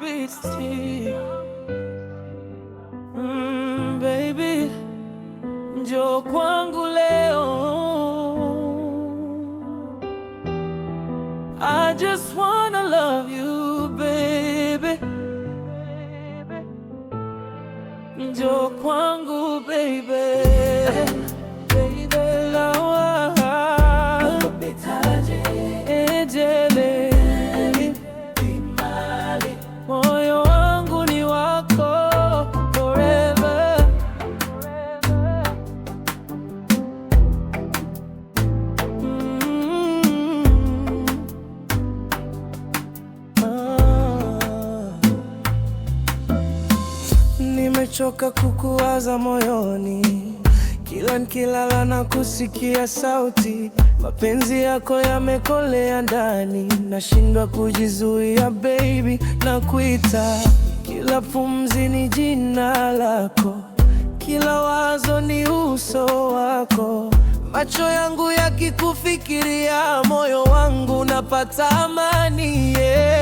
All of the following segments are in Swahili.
beats just Mm, baby, njoo kwangu leo. I just wanna love you, baby. Njoo kwangu, baby. nimechoka kukuwaza moyoni, kila nikilala na kusikia sauti, mapenzi yako yamekolea ndani, nashindwa kujizuia baby, na kuita kila pumzi ni jina lako, kila wazo ni uso wako, macho yangu yakikufikiria, moyo wangu napata amani yeah.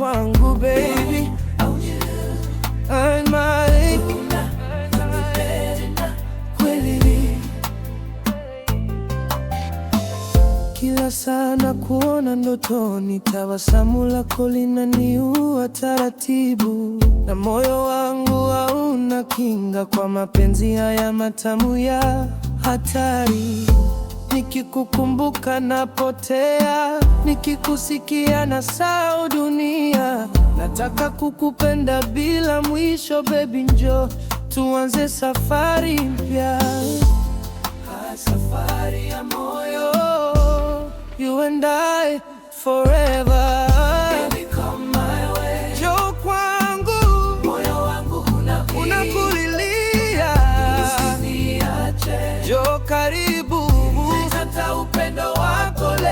kwangu baby kila sana kuona ndotoni tabasamu lako linaniua taratibu, na moyo wangu hauna kinga kwa mapenzi haya matamu ya hatari nikikukumbuka napotea, nikikusikia na sao dunia. Nataka kukupenda bila mwisho, baby, njo tuanze safari mpya, safari ya moyo, you and I forever.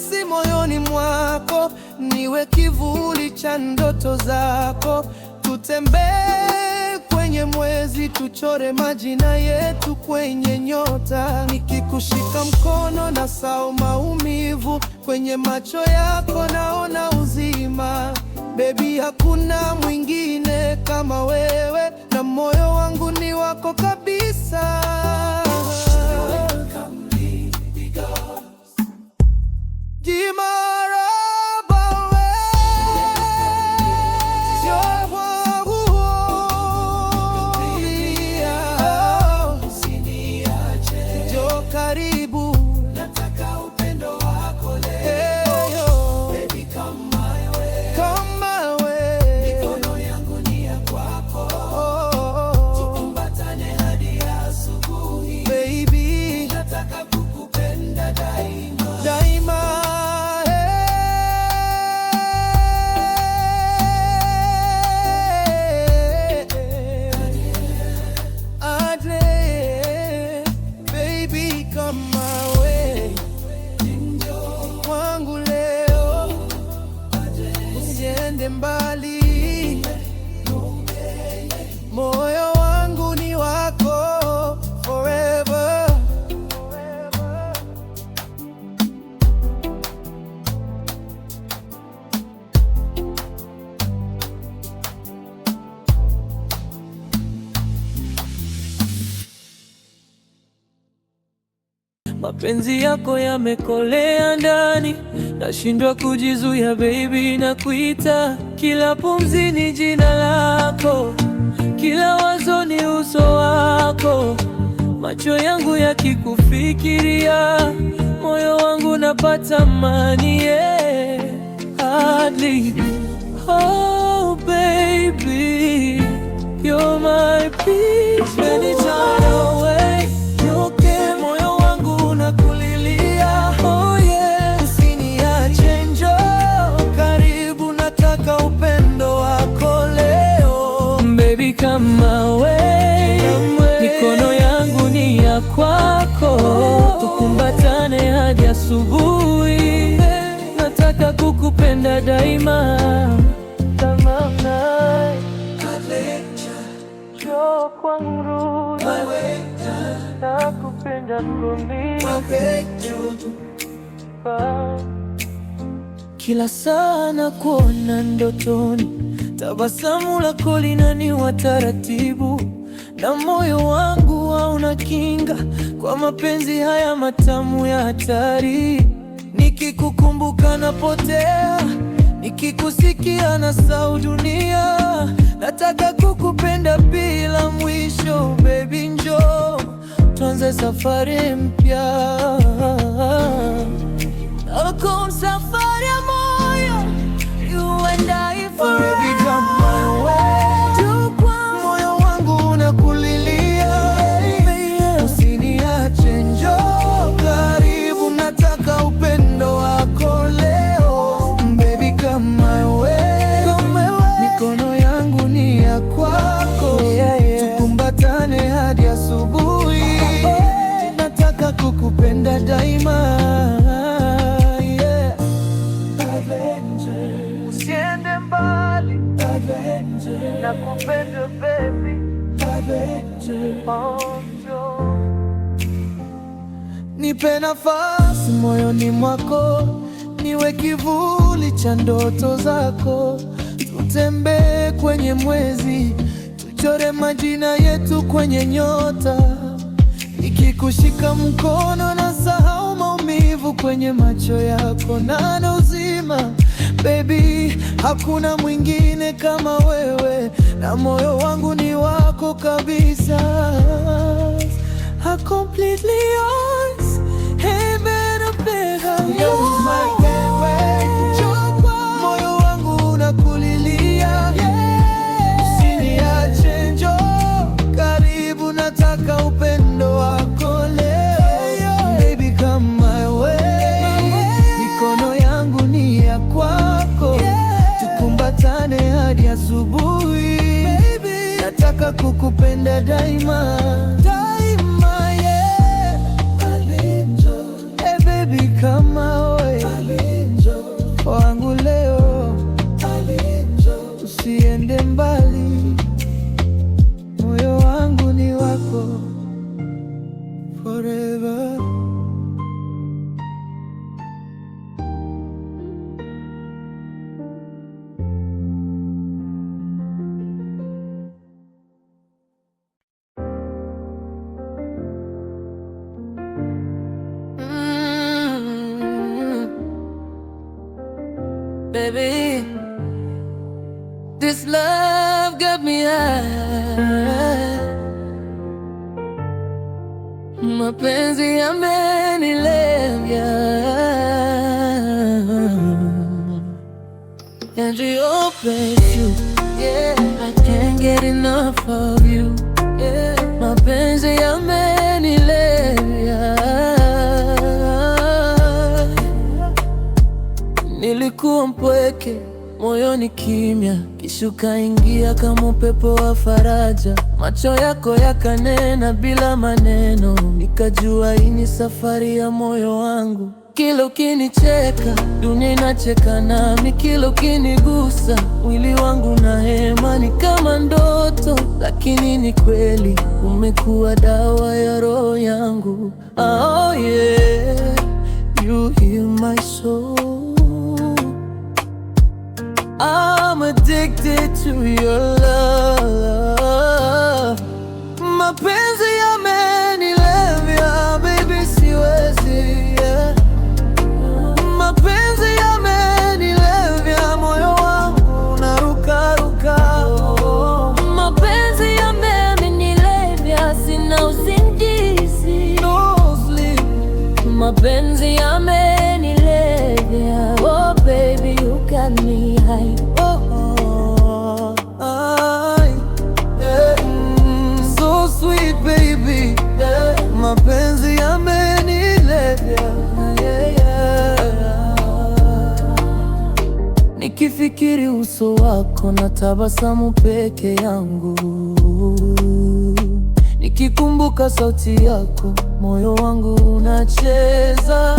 nafasi moyoni mwako, niwe kivuli cha ndoto zako. Tutembee kwenye mwezi, tuchore majina yetu kwenye nyota, nikikushika mkono na sao maumivu, kwenye macho yako naona uzima. Bebi, hakuna mwingine kama wewe, na moyo wangu ni wako kabisa. Fatima. penzi yako yamekolea ndani, nashindwa kujizuia baby, na kuita kila pumzi ni jina lako, kila wazo ni uso wako, macho yangu yakikufikiria, moyo wangu napata amani yeah. Oh, baby, you're my peace anytime kama we, mikono yangu ni ya kwako, tukumbatane hadi asubuhi. Nataka kukupenda daima. Kila saa nakuona ndotoni Tabasamu lako linaniwa taratibu, na moyo wangu hauna kinga kwa mapenzi haya matamu ya hatari. Nikikukumbuka napotea, nikikusikia sau dunia. Nataka kukupenda bila mwisho, baby, njoo tuanze safari mpya. Nipe nafasi moyoni mwako, niwe kivuli cha ndoto zako. Tutembee kwenye mwezi, tuchore majina yetu kwenye nyota. Nikikushika mkono na sahau maumivu kwenye macho yako, nana uzima Baby, hakuna mwingine kama wewe, na moyo wangu ni wako kabisa. I completely yours. Hey, better, better, you baby. This love got me high. many, yamenilevya, and your you. yeah, I can't get enough of you. kuwa mpweke moyoni kimya, kisha ukaingia kama upepo wa faraja, macho yako yakanena bila maneno, nikajua hii ni safari ya moyo wangu. Kila ukinicheka dunia inacheka nami, kila ukinigusa mwili wangu na hema. Ni kama ndoto lakini ni kweli, umekuwa dawa ya roho yangu. Oh yeah, you heal my soul I'm addicted to your love Mapenzi Fikiri uso wako na tabasamu peke yangu, nikikumbuka sauti yako moyo wangu unacheza.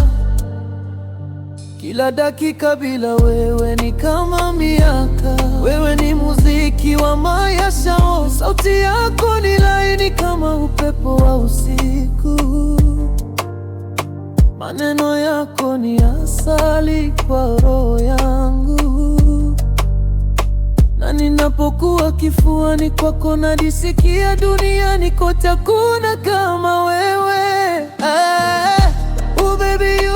Kila dakika bila wewe ni kama miaka. Wewe ni muziki wa mayashao, oh, sauti yako ni laini kama upepo wa usiku, maneno yako ni asali kwa roho yangu ninapokuwa kifuani kwako najisikia duniani kote hakuna kama wewe ah, oh baby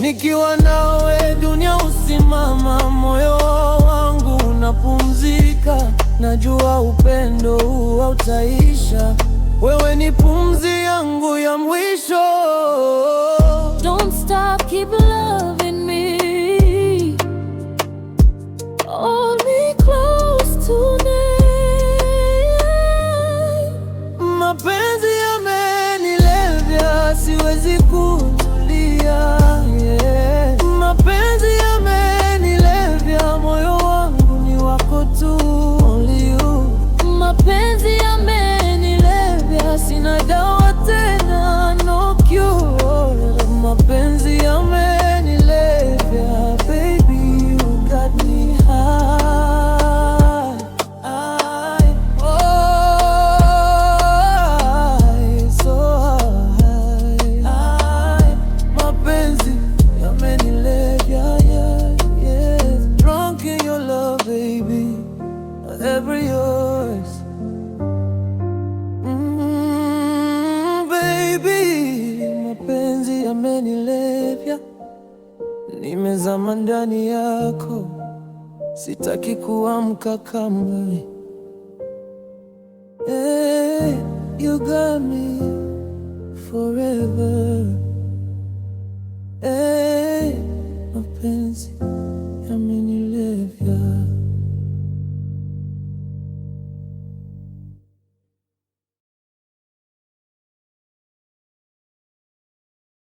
Nikiwa nawe dunia usimama, moyo wangu unapumzika. Najua upendo huu hautaisha, wewe ni pumzi yangu ya mwisho. Don't stop, keep siku yako, sitaki kuamka kamwe. Hey, eh, you got me forever. Hey, eh, mapenzi